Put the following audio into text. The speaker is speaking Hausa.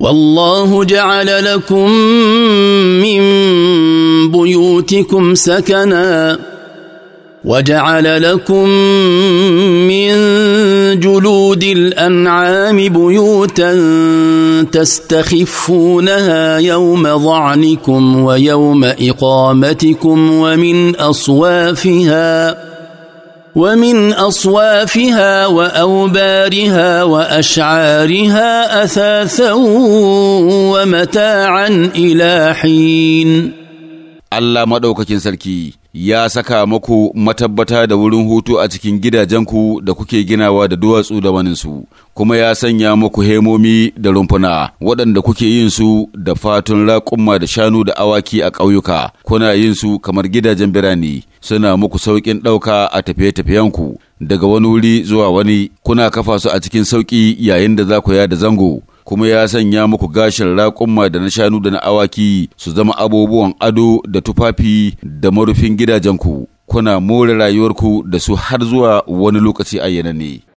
والله جعل لكم من بيوتكم سكنا وجعل لكم من جلود الانعام بيوتا تستخفونها يوم ظعنكم ويوم اقامتكم ومن اصوافها ومن اصوافها واوبارها واشعارها اثاثا ومتاعا الى حين Allah maɗaukakin sarki ya saka maku matabbata da wurin hutu a cikin gidajenku da kuke ginawa da duwatsu da waninsu, kuma ya sanya muku hemomi da rumfuna waɗanda kuke yin su da fatun raƙumma da shanu da awaki a ƙauyuka, kuna yin su kamar gidajen birane, suna muku sauƙin ɗauka a tafiye-tafiyenku daga wani wuri zuwa wani, kuna kafa su a cikin sauƙi yayin da za ku yada zango, kuma ya sanya muku gashin raƙumma da na shanu da na awaki su zama abubuwan ado da tufafi da marufin gidajenku, kuna more rayuwarku da su har zuwa wani lokaci ayyana ne.